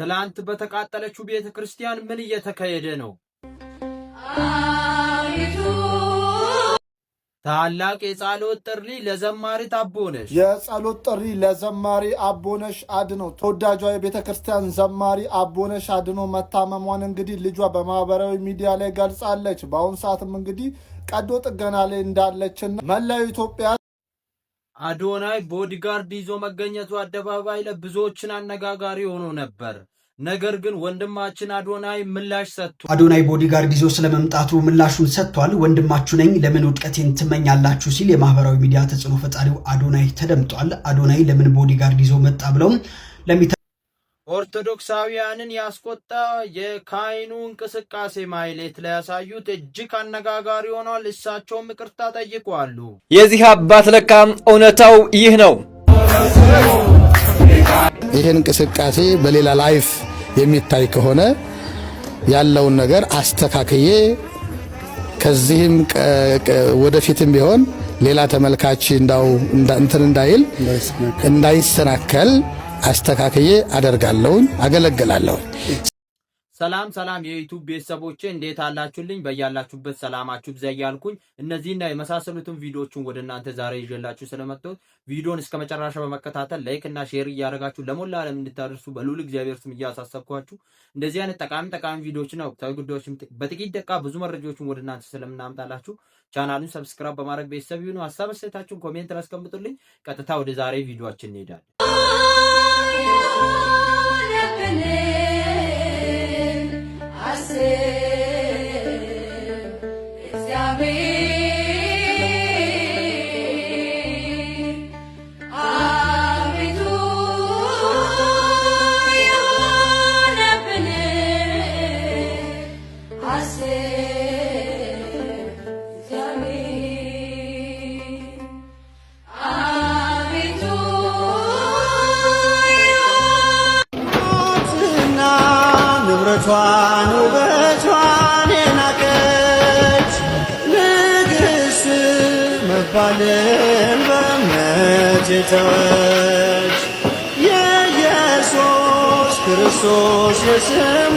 ትላንት በተቃጠለችው ቤተ ክርስቲያን ምን እየተካሄደ ነው? ታላቅ የጸሎት ጥሪ ለዘማሪ አቦነሽ የጸሎት ጥሪ ለዘማሪ አቦነሽ አድኖ ተወዳጇ የቤተ ክርስቲያን ዘማሪ አቦነሽ አድኖ መታመሟን እንግዲህ ልጇ በማህበራዊ ሚዲያ ላይ ገልጻለች። በአሁኑ ሰዓትም እንግዲህ ቀዶ ጥገና ላይ እንዳለችና መላው ኢትዮጵያ አዶናይ ቦዲጋርድ ይዞ መገኘቱ አደባባይ ለብዙዎችን አነጋጋሪ ሆኖ ነበር። ነገር ግን ወንድማችን አዶናይ ምላሽ ሰጥቶ አዶናይ ቦዲጋርድ ይዞ ስለመምጣቱ ምላሹን ሰጥቷል። ወንድማችሁ ነኝ ለምን ውድቀቴን ትመኛላችሁ? ሲል የማህበራዊ ሚዲያ ተጽዕኖ ፈጣሪው አዶናይ ተደምጧል። አዶናይ ለምን ቦዲጋርድ ይዞ መጣ ብለውም ኦርቶዶክሳውያንን ያስቆጣ የካይኑ እንቅስቃሴ ማይሌት ላይ ያሳዩት እጅግ አነጋጋሪ ሆኗል። እሳቸውም ይቅርታ ጠይቋሉ። የዚህ አባት ለካም እውነታው ይህ ነው። ይህን እንቅስቃሴ በሌላ ላይፍ የሚታይ ከሆነ ያለውን ነገር አስተካክዬ ከዚህም ወደፊትም ቢሆን ሌላ ተመልካች እንዳው እንትን እንዳይል እንዳይሰናከል አስተካክዬ አደርጋለሁኝ፣ አገለግላለሁኝ። ሰላም ሰላም የዩቱብ ቤተሰቦቼ እንዴት አላችሁልኝ? በያላችሁበት ሰላማችሁ ብዛ እያልኩኝ እነዚህና የመሳሰሉትን ቪዲዮዎችን ወደ እናንተ ዛሬ ይዤላችሁ ስለመጣሁት ቪዲዮን እስከ መጨረሻ በመከታተል ላይክ እና ሼር እያደረጋችሁ ለሞላ ዓለም እንድታደርሱ በልዑል እግዚአብሔር ስም እያሳሰብኳችሁ እንደዚህ አይነት ጠቃሚ ጠቃሚ ቪዲዮዎችና ወቅታዊ ጉዳዮችን በጥቂት ደቂቃ ብዙ መረጃዎችን ወደ እናንተ ስለምናምጣላችሁ ቻናሉን ሰብስክራይብ በማድረግ ቤተሰብ ይሁኑ። ሀሳብ አስተያየታችሁን ኮሜንት አስቀምጡልኝ። ቀጥታ ወደ ዛሬ ቪዲዮችን እንሄዳለን። be ተወች የኢየሱስ ክርስቶስ የስሙ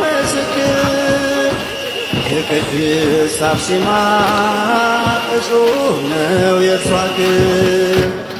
ምስክር የቅድስት አርሴማ እጹብ ነው የእርሷ ክብር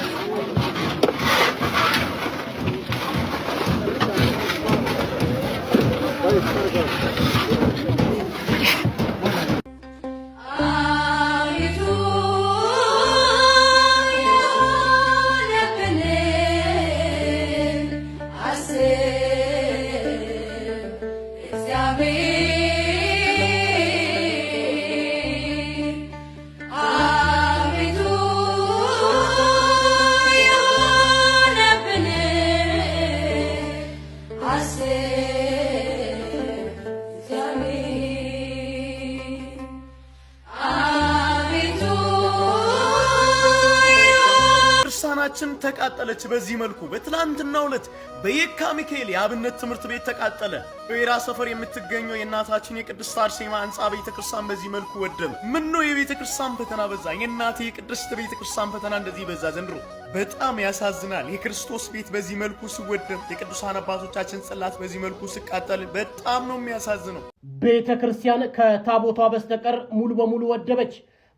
ተቃጠለች። በዚህ መልኩ በትላንትናው ዕለት በየካ ሚካኤል የአብነት ትምህርት ቤት ተቃጠለ። በዌራ ሰፈር የምትገኘው የእናታችን የቅድስት አርሴማ ሕንጻ ቤተ ክርስቲያን በዚህ መልኩ ወደመ። ምን ነው የቤተ ክርስቲያን ፈተና በዛ። የእናቴ የቅድስት ቤተ ክርስቲያን ፈተና እንደዚህ በዛ ዘንድሮ በጣም ያሳዝናል። የክርስቶስ ቤት በዚህ መልኩ ሲወደም፣ የቅዱሳን አባቶቻችን ጽላት በዚህ መልኩ ሲቃጠል በጣም ነው የሚያሳዝነው። ቤተ ክርስቲያን ከታቦቷ በስተቀር ሙሉ በሙሉ ወደበች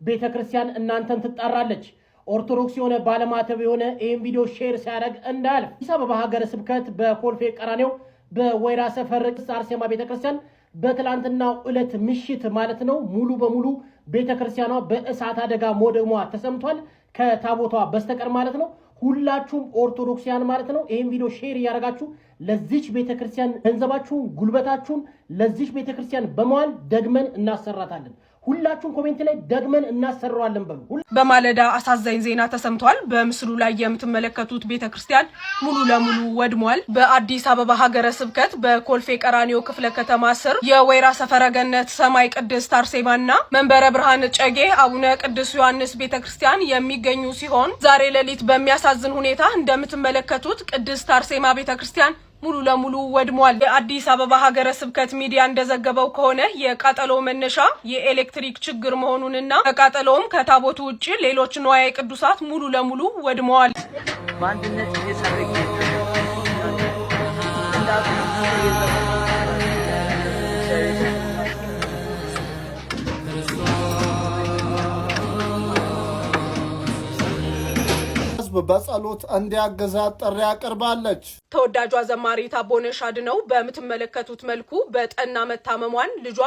ቤተ ክርስቲያን እናንተን ትጣራለች። ኦርቶዶክስ የሆነ ባለማተብ የሆነ ይህን ቪዲዮ ሼር ሲያደርግ እንዳልፍ። አዲስ አበባ ሀገረ ስብከት በኮልፌ ቀራኔው በወይራ ሰፈር ቅድስት አርሴማ ቤተክርስቲያን በትላንትናው ዕለት ምሽት ማለት ነው ሙሉ በሙሉ ቤተክርስቲያኗ በእሳት አደጋ መውደሟ ተሰምቷል። ከታቦቷ በስተቀር ማለት ነው። ሁላችሁም ኦርቶዶክሲያን ማለት ነው ይህን ቪዲዮ ሼር እያደረጋችሁ ለዚች ቤተክርስቲያን ገንዘባችሁን፣ ጉልበታችሁን ለዚች ቤተክርስቲያን በመዋል ደግመን እናሰራታለን። ሁላችሁም ኮሜንት ላይ ደግመን እናሰራዋለን በሉ። በማለዳ አሳዛኝ ዜና ተሰምቷል። በምስሉ ላይ የምትመለከቱት ቤተ ክርስቲያን ሙሉ ለሙሉ ወድሟል። በአዲስ አበባ ሀገረ ስብከት በኮልፌ ቀራኒዮ ክፍለ ከተማ ስር የወይራ ሰፈረገነት ሰማይ ቅድስት አርሴማና መንበረ ብርሃን እጨጌ አቡነ ቅዱስ ዮሐንስ ቤተ ክርስቲያን የሚገኙ ሲሆን ዛሬ ሌሊት በሚያሳዝን ሁኔታ እንደምትመለከቱት ቅድስት አርሴማ ቤተ ክርስቲያን ሙሉ ለሙሉ ወድሟል። የአዲስ አበባ ሀገረ ስብከት ሚዲያ እንደዘገበው ከሆነ የቃጠሎ መነሻ የኤሌክትሪክ ችግር መሆኑንና ከቃጠሎውም ከታቦቱ ውጭ ሌሎች ንዋየ ቅዱሳት ሙሉ ለሙሉ ወድመዋል። በአንድነት በጸሎት እንዲያግዛት ጥሪ አቅርባለች። ተወዳጇ ዘማሪት አቦነሽ አድነው በምትመለከቱት መልኩ በጠና መታመሟን ልጇ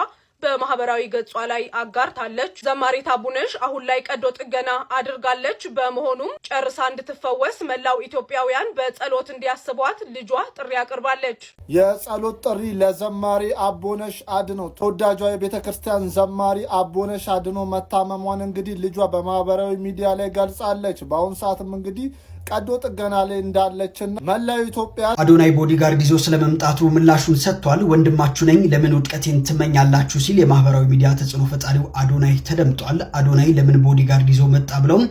በማህበራዊ ገጿ ላይ አጋርታለች። ዘማሪት አቡነሽ አሁን ላይ ቀዶ ጥገና አድርጋለች። በመሆኑም ጨርሳ እንድትፈወስ መላው ኢትዮጵያውያን በጸሎት እንዲያስቧት ልጇ ጥሪ አቅርባለች። የጸሎት ጥሪ ለዘማሪ አቦነሽ አድነው። ተወዳጇ የቤተ ክርስቲያን ዘማሪ አቦነሽ አድነው መታመሟን እንግዲህ ልጇ በማህበራዊ ሚዲያ ላይ ገልጻለች። በአሁኑ ሰዓትም እንግዲህ ቀዶ ጥገና ላይ እንዳለችና መላው ኢትዮጵያ አዶናይ ቦዲጋርድ ይዞ ስለመምጣቱ ምላሹን ሰጥቷል። ወንድማችሁ ነኝ ለምን ውድቀቴን ትመኛላችሁ? ሲል የማህበራዊ ሚዲያ ተጽዕኖ ፈጣሪው አዶናይ ተደምጧል። አዶናይ ለምን ቦዲጋርድ ይዞ መጣ ብለውም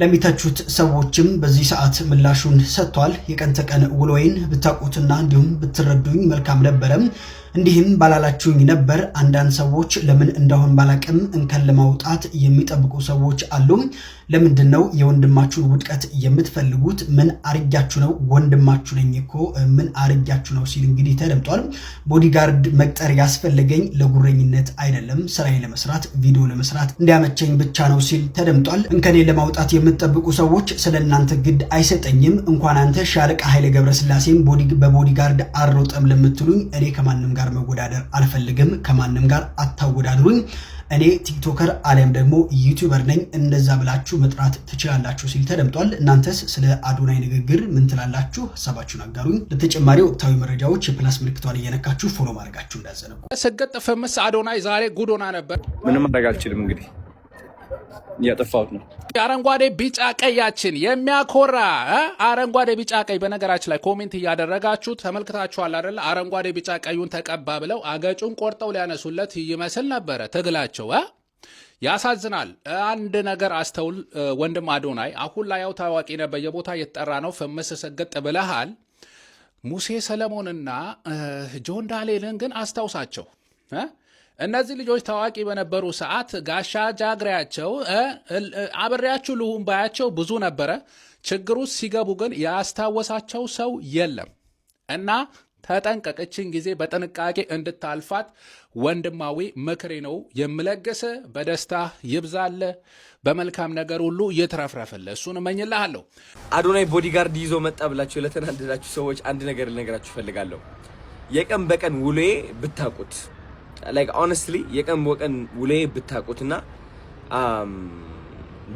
ለሚተቹት ሰዎችም በዚህ ሰዓት ምላሹን ሰጥቷል። የቀን ተቀን ውሎዬን ብታውቁትና እንዲሁም ብትረዱኝ መልካም ነበረም እንዲህም ባላላችሁኝ ነበር። አንዳንድ ሰዎች ለምን እንደሆን ባላቅም እንከን ለማውጣት የሚጠብቁ ሰዎች አሉ። ለምንድን ነው የወንድማችሁን ውድቀት የምትፈልጉት? ምን አርጊያችሁ ነው? ወንድማችሁ ነኝ እኮ ምን አርጊያችሁ ነው ሲል እንግዲህ ተደምጧል። ቦዲጋርድ መቅጠር ያስፈለገኝ ለጉረኝነት አይደለም፣ ስራዬ ለመስራት ቪዲዮ ለመስራት እንዲያመቸኝ ብቻ ነው ሲል ተደምጧል። እንከኔ ለማውጣት የምትጠብቁ ሰዎች ስለ እናንተ ግድ አይሰጠኝም። እንኳን አንተ ሻለቃ ኃይለ ገብረስላሴም በቦዲጋርድ አልሮጠም ለምትሉኝ እኔ ከማንም ጋር ጋር መወዳደር አልፈልግም፣ ከማንም ጋር አታወዳድሩኝ፣ እኔ ቲክቶከር አሊያም ደግሞ ዩቲዩበር ነኝ፣ እንደዛ ብላችሁ መጥራት ትችላላችሁ ሲል ተደምጧል። እናንተስ ስለ አዶናይ ንግግር ምን ትላላችሁ? ሀሳባችሁን አጋሩኝ። ለተጨማሪ ወቅታዊ መረጃዎች የፕላስ ምልክቷን እየነካችሁ ፎሎ ማድረጋችሁ እንዳዘነጉ ሰገጥ አዶናይ ዛሬ ጉዶና ነበር። ምንም ማድረግ አልችልም እንግዲህ እያጠፋሁት ነው። አረንጓዴ ቢጫ ቀያችን የሚያኮራ አረንጓዴ ቢጫ ቀይ። በነገራችን ላይ ኮሜንት እያደረጋችሁ ተመልክታችኋል አይደለ? አረንጓዴ ቢጫ ቀዩን ተቀባ ብለው አገጩን ቆርጠው ሊያነሱለት ይመስል ነበረ ትግላቸው። ያሳዝናል። አንድ ነገር አስተውል ወንድም አዶናይ። አሁን ላይ ያው ታዋቂ ነህ፣ በየቦታ እየተጠራ ነው። ፍምስ ስግጥ ብለሃል። ሙሴ ሰለሞንና ጆን ዳሌልን ግን አስታውሳቸው እነዚህ ልጆች ታዋቂ በነበሩ ሰዓት ጋሻ ጃግሬያቸው አብሬያችሁ ልሁን ባያቸው ብዙ ነበረ። ችግሩ ሲገቡ ግን ያስታወሳቸው ሰው የለም እና ተጠንቀቅችን ጊዜ በጥንቃቄ እንድታልፋት ወንድማዊ ምክሬ ነው የምለግስ። በደስታ ይብዛል፣ በመልካም ነገር ሁሉ ይትረፍረፍልህ። እሱን እመኝልሃለሁ። አዶናይ ቦዲጋርድ ይዞ መጣ ብላችሁ ለተናደዳችሁ ሰዎች አንድ ነገር ልነግራችሁ እፈልጋለሁ። የቀን በቀን ውሎዬ ብታውቁት ላይክ ኦነስትሊ የቀን በቀን ውሌ ብታቁትና um,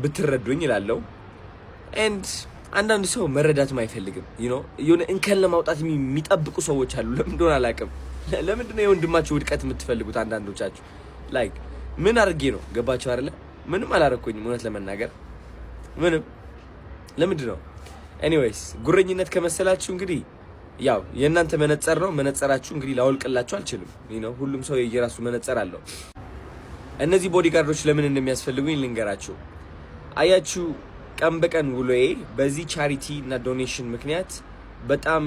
ብትረዱኝ ይላለው። ኤንድ አንዳንድ ሰው መረዳትም አይፈልግም። የሆነ እንከን ለማውጣት የሚጠብቁ ሰዎች አሉ። ለምን እንደሆነ አላውቅም። ለምንድነው የወንድማችሁ ውድቀት የምትፈልጉት? አንዳንዶቻችሁ ላይክ ምን አድርጌ ነው ገባችሁ አይደለ? ምንም አላረኩኝም፣ እውነት ለመናገር ምንም። ለምንድን ነው ኤኒዌይስ፣ ጉረኝነት ከመሰላችሁ እንግዲህ ያው የእናንተ መነጸር ነው። መነጸራችሁ እንግዲህ ላወልቅላችሁ አልችልም። ነው ሁሉም ሰው የየራሱ መነጸር አለው። እነዚህ ቦዲጋርዶች ለምን እንደሚያስፈልጉኝ ልንገራችሁ። አያችሁ፣ ቀን በቀን ውሎዬ በዚህ ቻሪቲ እና ዶኔሽን ምክንያት በጣም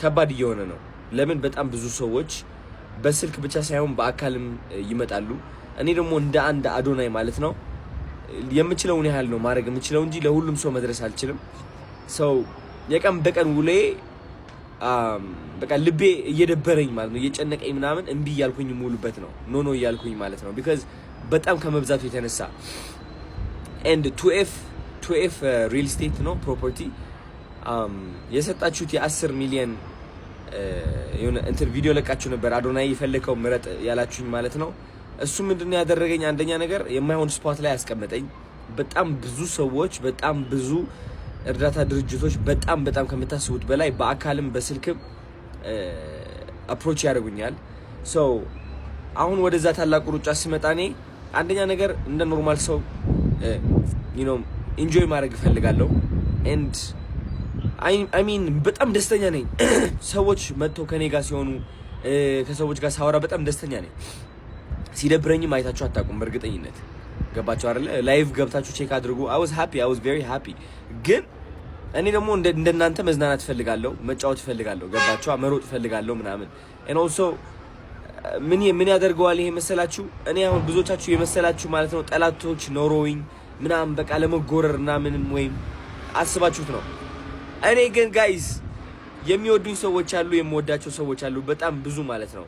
ከባድ እየሆነ ነው። ለምን በጣም ብዙ ሰዎች በስልክ ብቻ ሳይሆን በአካልም ይመጣሉ። እኔ ደግሞ እንደ አንድ አዶናይ ማለት ነው የምችለውን ያህል ነው ማድረግ የምችለው እንጂ ለሁሉም ሰው መድረስ አልችልም ሰው የቀን በቀን ውሌ በቃ ልቤ እየደበረኝ ማለት ነው እየጨነቀኝ ምናምን እምቢ እያልኩኝ ሙሉበት ነው ኖ ኖ እያልኩኝ ማለት ነው። ቢካዝ በጣም ከመብዛቱ የተነሳ ኤንድ ቱኤፍ ቱኤፍ ሪል ስቴት ነው ፕሮፐርቲ የሰጣችሁት የአስር ሚሊየን uh, የሆነ እንትን ቪዲዮ ለቃችሁ ነበር አዶናይ የፈለከው ምረጥ ያላችሁኝ ማለት ነው። እሱ ምንድነው ያደረገኝ? አንደኛ ነገር የማይሆን ስፖት ላይ ያስቀመጠኝ። በጣም ብዙ ሰዎች በጣም ብዙ እርዳታ ድርጅቶች በጣም በጣም ከምታስቡት በላይ በአካልም በስልክም አፕሮች ያደርጉኛል። ሰው አሁን ወደዛ ታላቁ ሩጫ ሲመጣ እኔ አንደኛ ነገር እንደ ኖርማል ሰው ኢንጆይ ማድረግ እፈልጋለሁ። ኤንድ ሚን በጣም ደስተኛ ነኝ። ሰዎች መጥተው ከኔ ጋር ሲሆኑ ከሰዎች ጋር ሳወራ በጣም ደስተኛ ነኝ። ሲደብረኝም አይታችሁ አታውቁም በእርግጠኝነት ገባቸው አይደለ? ላይቭ ገብታችሁ ቼክ አድርጉ። አይ ዋዝ ሃፒ አይ ዋዝ ቬሪ ሃፒ። ግን እኔ ደግሞ እንደናንተ መዝናናት እፈልጋለሁ፣ መጫወት እፈልጋለሁ፣ ገባቸዋ መሮጥ እፈልጋለሁ ምናምን ኤንድ ኦልሶ ምን ምን ያደርገዋል ይሄ መሰላችሁ? እኔ አሁን ብዙዎቻችሁ የመሰላችሁ ማለት ነው ጠላቶች ኖሮኝ ምናምን በቃ ለመጎረር እና ምንም ወይም አስባችሁት ነው። እኔ ግን ጋይስ የሚወዱኝ ሰዎች አሉ፣ የምወዳቸው ሰዎች አሉ፣ በጣም ብዙ ማለት ነው።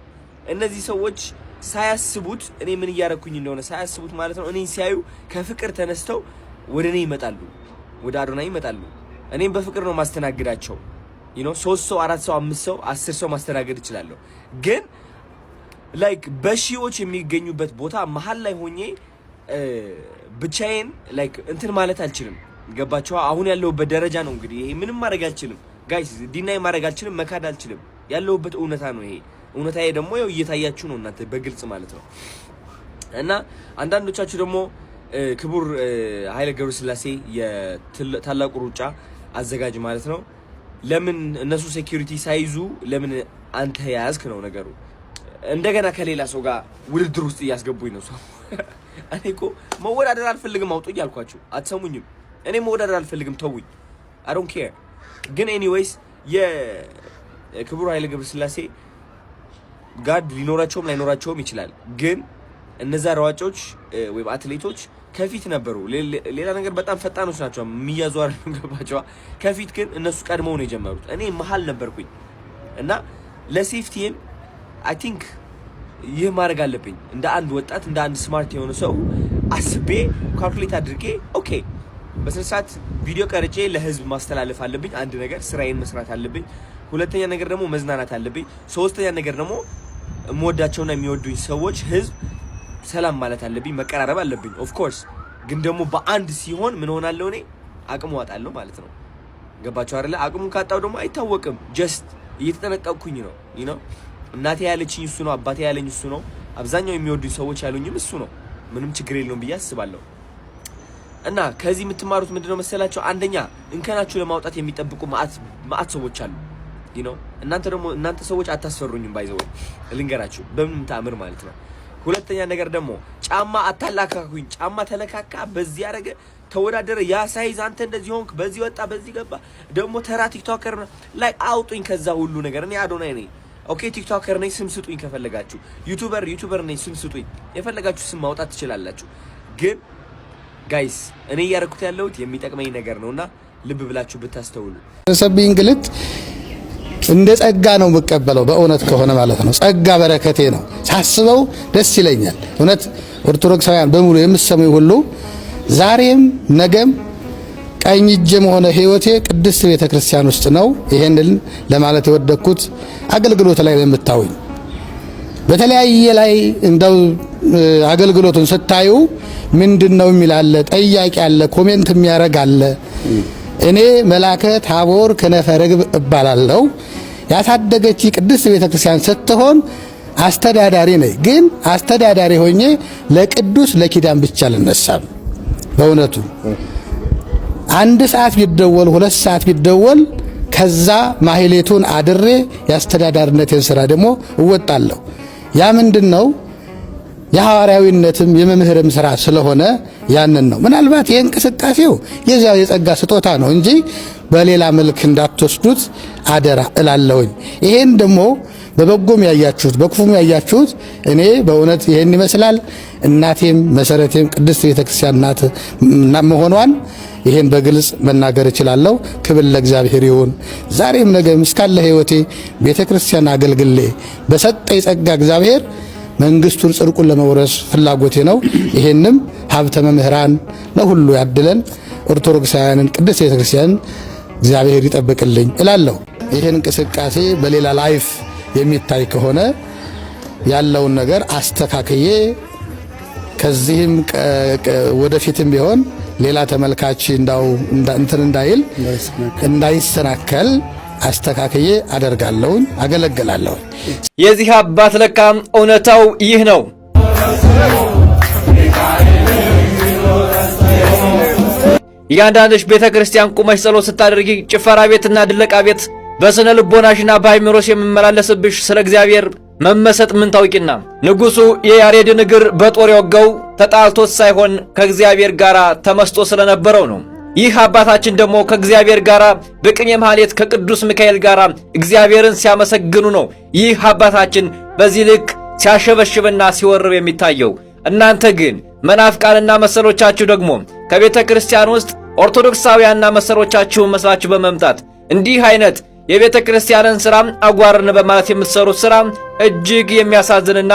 እነዚህ ሰዎች ሳያስቡት እኔ ምን እያረኩኝ እንደሆነ ሳያስቡት ማለት ነው። እኔ ሲያዩ ከፍቅር ተነስተው ወደ እኔ ይመጣሉ፣ ወደ አዶና ይመጣሉ። እኔም በፍቅር ነው ማስተናግዳቸው። ዩ ሶስት ሰው፣ አራት ሰው፣ አምስት ሰው፣ አስር ሰው ማስተናገድ እችላለሁ። ግን ላይክ በሺዎች የሚገኙበት ቦታ መሀል ላይ ሆኜ ብቻዬን ላይክ እንትን ማለት አልችልም። ገባችኋ? አሁን ያለሁበት ደረጃ ነው እንግዲህ ይሄ። ምንም ማድረግ አልችልም ጋይስ፣ ዲናይ ማድረግ አልችልም፣ መካድ አልችልም። ያለሁበት እውነታ ነው ይሄ። እውነታዬ ደግሞ ያው እየታያችሁ ነው እናንተ በግልጽ ማለት ነው። እና አንዳንዶቻችሁ ደግሞ ክቡር ኃይለ ገብረስላሴ የታላቁ ሩጫ አዘጋጅ ማለት ነው፣ ለምን እነሱ ሴኪሪቲ ሳይዙ ለምን አንተ ያዝክ ነው ነገሩ። እንደገና ከሌላ ሰው ጋር ውድድር ውስጥ እያስገቡኝ ነው ሰው። እኔ እኮ መወዳደር አልፈልግም፣ አውጡኝ አልኳችሁ፣ አትሰሙኝም። እኔ መወዳደር አልፈልግም፣ ተውኝ፣ አይ ዶንት ኬር። ግን ኤኒዌይስ የክቡር ኃይለ ገብረስላሴ ጋርድ ሊኖራቸውም ላይኖራቸውም ይችላል። ግን እነዛ ሯጮች ወይም አትሌቶች ከፊት ነበሩ። ሌላ ነገር በጣም ፈጣኖች ናቸው የሚያዙ ገባቸዋ። ከፊት ግን እነሱ ቀድመው ነው የጀመሩት። እኔ መሀል ነበርኩኝ እና ለሴፍቲም አይ ቲንክ ይህ ማድረግ አለብኝ እንደ አንድ ወጣት እንደ አንድ ስማርት የሆነ ሰው አስቤ ካልኩሌት አድርጌ ኦኬ በስነስርዓት ቪዲዮ ቀርጬ ለህዝብ ማስተላለፍ አለብኝ። አንድ ነገር ስራዬን መስራት አለብኝ። ሁለተኛ ነገር ደግሞ መዝናናት አለብኝ። ሶስተኛ ነገር ደግሞ የምወዳቸውና የሚወዱኝ ሰዎች ህዝብ ሰላም ማለት አለብኝ፣ መቀራረብ አለብኝ። ኦፍኮርስ ግን ደግሞ በአንድ ሲሆን ምን ሆናለሁ እኔ አቅሙ ዋጣለሁ ማለት ነው። ገባቸው አይደለ? አቅሙን ካጣው ደግሞ አይታወቅም። ጀስት እየተጠነቀቅኩኝ ነው ነው እናቴ ያለችኝ እሱ ነው። አባቴ ያለኝ እሱ ነው። አብዛኛው የሚወዱኝ ሰዎች ያሉኝም እሱ ነው። ምንም ችግር የለውም ብዬ አስባለሁ። እና ከዚህ የምትማሩት ምንድነው መሰላቸው? አንደኛ እንከናችሁ ለማውጣት የሚጠብቁ ማአት ሰዎች አሉ። ነው። እናንተ ደግሞ እናንተ ሰዎች አታስፈሩኝም። ባይዘው ልንገራችሁ በምን ታምር ማለት ነው። ሁለተኛ ነገር ደግሞ ጫማ አታላካኩኝ። ጫማ ተለካካ፣ በዚህ ያደረገ ተወዳደረ፣ ያ ሳይዝ፣ አንተ እንደዚህ ሆንክ፣ በዚህ ወጣ፣ በዚህ ገባ። ደግሞ ተራ ቲክቶከር ላይ አውጡኝ ከዛ ሁሉ ነገር። እኔ አዶናይ ነኝ። ኦኬ ቲክቶከር ነኝ፣ ስም ስጡኝ። ከፈለጋችሁ ዩቱበር ዩቱበር ነኝ፣ ስም ስጡኝ። የፈለጋችሁ ስም ማውጣት ትችላላችሁ። ግን ጋይስ እኔ እያደረኩት ያለሁት የሚጠቅመኝ ነገር ነውና ልብ ብላችሁ ብታስተውሉ ሰብ ግልጥ እንደ ጸጋ ነው የምቀበለው። በእውነት ከሆነ ማለት ነው። ጸጋ በረከቴ ነው። ሳስበው ደስ ይለኛል። እውነት ኦርቶዶክሳውያን በሙሉ የምሰሙ ሁሉ ዛሬም ነገም ቀኝ እጄም ሆነ ሕይወቴ ቅድስት ቤተ ክርስቲያን ውስጥ ነው። ይሄንን ለማለት የወደኩት አገልግሎት ላይ ለምታውኝ በተለያየ ላይ እንደው አገልግሎቱን ስታዩ ምንድን ነው የሚላለ ጠያቂ አለ፣ ኮሜንት የሚያደርግ አለ እኔ መላከ ታቦር ከነፈ ርግብ እባላለሁ። ያሳደገች ቅድስት ቤተ ክርስቲያን ስትሆን አስተዳዳሪ ነኝ። ግን አስተዳዳሪ ሆኜ ለቅዱስ ለኪዳን ብቻ ልነሳም። በእውነቱ አንድ ሰዓት ቢደወል ሁለት ሰዓት ቢደወል ከዛ ማህሌቱን አድሬ የአስተዳዳሪነትን ስራ ደግሞ እወጣለሁ። ያ ምንድን ነው? የሐዋርያዊነትም የመምህርም ስራ ስለሆነ ያንን ነው። ምናልባት ይህ እንቅስቃሴው የዚያው የጸጋ ስጦታ ነው እንጂ በሌላ መልክ እንዳትወስዱት አደራ እላለውኝ። ይሄን ደግሞ በበጎም ያያችሁት በክፉም ያያችሁት እኔ በእውነት ይሄን ይመስላል። እናቴም መሰረቴም ቅድስት ቤተክርስቲያን ናት መሆኗን ይሄን በግልጽ መናገር እችላለሁ። ክብር ለእግዚአብሔር ይሁን። ዛሬም ነገም እስካለ ሕይወቴ ቤተክርስቲያን አገልግሌ በሰጠ የጸጋ እግዚአብሔር መንግስቱን ጽድቁን ለመውረስ ፍላጎቴ ነው። ይሄንም ሀብተ መምህራን ለሁሉ ያድለን። ኦርቶዶክሳውያንን ቅድስት ቤተክርስቲያንን እግዚአብሔር ይጠብቅልኝ እላለሁ። ይህን እንቅስቃሴ በሌላ ላይፍ የሚታይ ከሆነ ያለውን ነገር አስተካክዬ ከዚህም ወደፊትም ቢሆን ሌላ ተመልካች እንዳው እንትን እንዳይል እንዳይሰናከል አስተካክዬ አደርጋለሁኝ፣ አገለግላለሁኝ። የዚህ አባት ለካም እውነታው ይህ ነው። እያንዳንድሽ ቤተ ክርስቲያን ቁመሽ ጸሎት ስታደርጊ ጭፈራ ቤትና ድለቃ ቤት በስነ ልቦናሽና በአይምሮሽ የምመላለስብሽ ስለ እግዚአብሔር መመሰጥ ምን ታውቂና። ንጉሡ የያሬድን እግር በጦር የወጋው ተጣልቶት ሳይሆን ከእግዚአብሔር ጋር ተመስጦ ስለነበረው ነው። ይህ አባታችን ደግሞ ከእግዚአብሔር ጋር በቅኔ ማህሌት ከቅዱስ ሚካኤል ጋር እግዚአብሔርን ሲያመሰግኑ ነው። ይህ አባታችን በዚህ ልክ ሲያሸበሽብና ሲወርብ የሚታየው። እናንተ ግን መናፍቃንና መሰሎቻችሁ ደግሞ ከቤተ ክርስቲያን ውስጥ ኦርቶዶክሳውያንና መሰሎቻችሁን መስላችሁ በመምጣት እንዲህ አይነት የቤተ ክርስቲያንን ሥራ አጓርን በማለት የምትሠሩት ሥራ እጅግ የሚያሳዝንና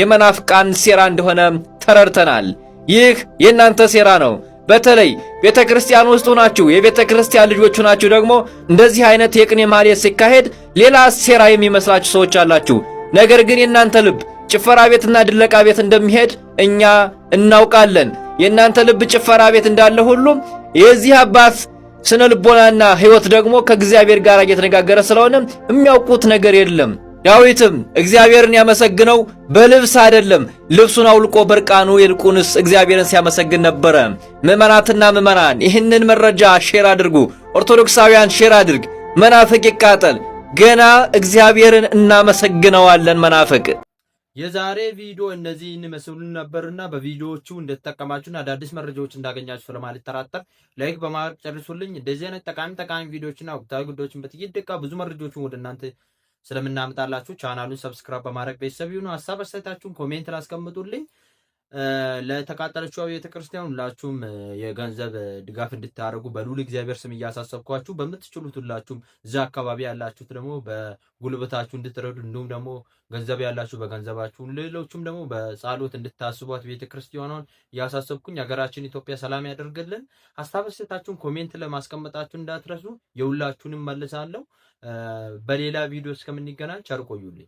የመናፍቃን ሴራ እንደሆነ ተረድተናል። ይህ የእናንተ ሴራ ነው። በተለይ ቤተ ክርስቲያን ውስጥ ሆናችሁ የቤተ ክርስቲያን ልጆች ሆናችሁ ደግሞ እንደዚህ አይነት የቅኔ ማህሌት ሲካሄድ ሌላ ሴራ የሚመስላችሁ ሰዎች አላችሁ። ነገር ግን የእናንተ ልብ ጭፈራ ቤትና ድለቃ ቤት እንደሚሄድ እኛ እናውቃለን። የእናንተ ልብ ጭፈራ ቤት እንዳለ ሁሉ የዚህ አባት ስነ ልቦናና ሕይወት ደግሞ ከእግዚአብሔር ጋር እየተነጋገረ ስለሆነ የሚያውቁት ነገር የለም። ዳዊትም እግዚአብሔርን ያመሰግነው በልብስ አይደለም፣ ልብሱን አውልቆ በርቃኑ ይልቁንስ እግዚአብሔርን ሲያመሰግን ነበረ። ምዕመናትና ምዕመናን ይህንን መረጃ ሼር አድርጉ። ኦርቶዶክሳውያን ሼር አድርግ። መናፍቅ ይቃጠል። ገና እግዚአብሔርን እናመሰግነዋለን። መናፍቅ የዛሬ ቪዲዮ እነዚህ ይመስሉ ነበርና በቪዲዮዎቹ እንደተጠቀማችሁና አዳዲስ መረጃዎች እንዳገኛችሁ ስለማልጠራጠር ላይክ በማድረግ ጨርሱልኝ። እንደዚህ አይነት ጠቃሚ ጠቃሚ ቪዲዮዎችና ወቅታዊ ጉዳዮችን በጥቂት ደቂቃ ብዙ መረጃዎችን ወደ እናንተ ስለምናምጣላችሁ ቻናሉን ሰብስክራይብ በማድረግ ቤተሰብ ይሁኑ። ሀሳብ አስተያየታችሁን ኮሜንት ላስቀምጡልኝ። ለተቃጠለችው ቤተ ክርስቲያን ሁላችሁም የገንዘብ ድጋፍ እንድታደርጉ በልዑል እግዚአብሔር ስም እያሳሰብኳችሁ በምትችሉት ሁላችሁም እዛ አካባቢ ያላችሁት ደግሞ በጉልበታችሁ እንድትረዱ እንዲሁም ደግሞ ገንዘብ ያላችሁ በገንዘባችሁ፣ ሌሎችም ደግሞ በጸሎት እንድታስቧት ቤተ ክርስቲያኗን እያሳሰብኩኝ ሀገራችን ኢትዮጵያ ሰላም ያደርግልን። ሀሳብ ስታችሁን ኮሜንት ለማስቀመጣችሁ እንዳትረሱ። የሁላችሁንም መልሳለሁ። በሌላ ቪዲዮ እስከምንገናኝ ቸር ቆዩልኝ።